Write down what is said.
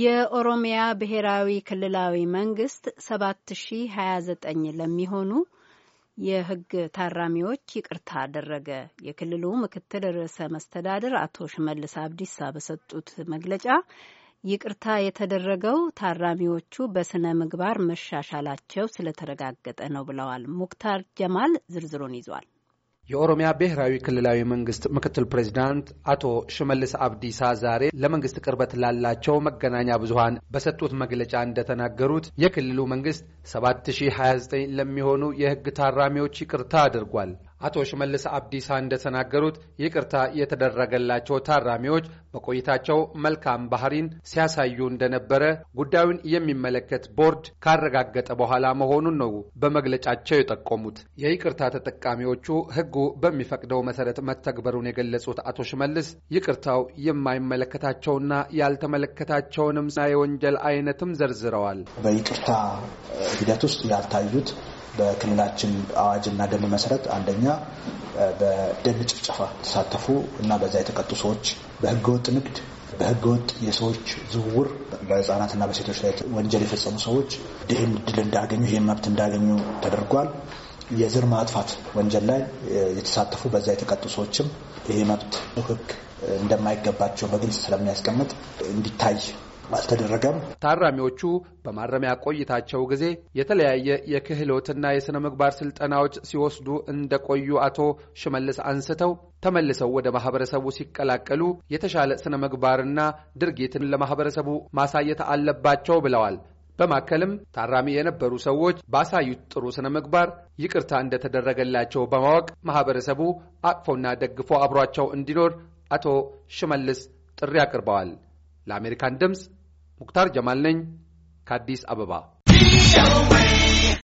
የኦሮሚያ ብሔራዊ ክልላዊ መንግስት 7029 ለሚሆኑ የህግ ታራሚዎች ይቅርታ አደረገ። የክልሉ ምክትል ርዕሰ መስተዳድር አቶ ሽመልስ አብዲሳ በሰጡት መግለጫ ይቅርታ የተደረገው ታራሚዎቹ በስነ ምግባር መሻሻላቸው ስለተረጋገጠ ነው ብለዋል። ሙክታር ጀማል ዝርዝሩን ይዟል። የኦሮሚያ ብሔራዊ ክልላዊ መንግስት ምክትል ፕሬዚዳንት አቶ ሽመልስ አብዲሳ ዛሬ ለመንግስት ቅርበት ላላቸው መገናኛ ብዙሃን በሰጡት መግለጫ እንደተናገሩት የክልሉ መንግስት 7029 ለሚሆኑ የህግ ታራሚዎች ይቅርታ አድርጓል። አቶ ሽመልስ አብዲሳ እንደተናገሩት ይቅርታ የተደረገላቸው ታራሚዎች በቆይታቸው መልካም ባህሪን ሲያሳዩ እንደነበረ ጉዳዩን የሚመለከት ቦርድ ካረጋገጠ በኋላ መሆኑን ነው በመግለጫቸው የጠቆሙት። የይቅርታ ተጠቃሚዎቹ ሕጉ በሚፈቅደው መሰረት መተግበሩን የገለጹት አቶ ሽመልስ ይቅርታው የማይመለከታቸውና ያልተመለከታቸውንምና የወንጀል አይነትም ዘርዝረዋል። በይቅርታ ሂደት ውስጥ ያልታዩት በክልላችን አዋጅና ደንብ መሰረት አንደኛ በደን ጭፍጨፋ ተሳተፉ እና በዛ የተቀጡ ሰዎች፣ በህገወጥ ንግድ፣ በህገወጥ የሰዎች ዝውውር፣ በህፃናትና በሴቶች ላይ ወንጀል የፈጸሙ ሰዎች ይህን ድል እንዳገኙ ይህን መብት እንዳገኙ ተደርጓል። የዘር ማጥፋት ወንጀል ላይ የተሳተፉ በዛ የተቀጡ ሰዎችም ይህ መብት ህግ እንደማይገባቸው በግልጽ ስለሚያስቀምጥ እንዲታይ አልተደረገም። ታራሚዎቹ በማረሚያ ቆይታቸው ጊዜ የተለያየ የክህሎትና የሥነ ምግባር ስልጠናዎች ሲወስዱ እንደቆዩ አቶ ሽመልስ አንስተው ተመልሰው ወደ ማህበረሰቡ ሲቀላቀሉ የተሻለ ሥነ ምግባርና ድርጊትን ለማህበረሰቡ ማሳየት አለባቸው ብለዋል። በማከልም ታራሚ የነበሩ ሰዎች ባሳዩት ጥሩ ስነ ምግባር ይቅርታ እንደተደረገላቸው በማወቅ ማህበረሰቡ አቅፎና ደግፎ አብሯቸው እንዲኖር አቶ ሽመልስ ጥሪ አቅርበዋል። ለአሜሪካን ድምፅ ሙክታር ጀማል ነኝ ከአዲስ አበባ